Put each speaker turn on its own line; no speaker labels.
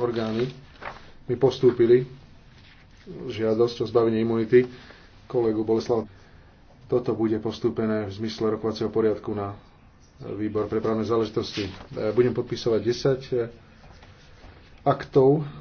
orgány mi postúpili žiadosť o zbavenie imunity kolegu Boleslava. Toto bude postúpené v zmysle rokovacieho poriadku na výbor pre právne záležitosti. E, budem podpisovať
10 e, aktov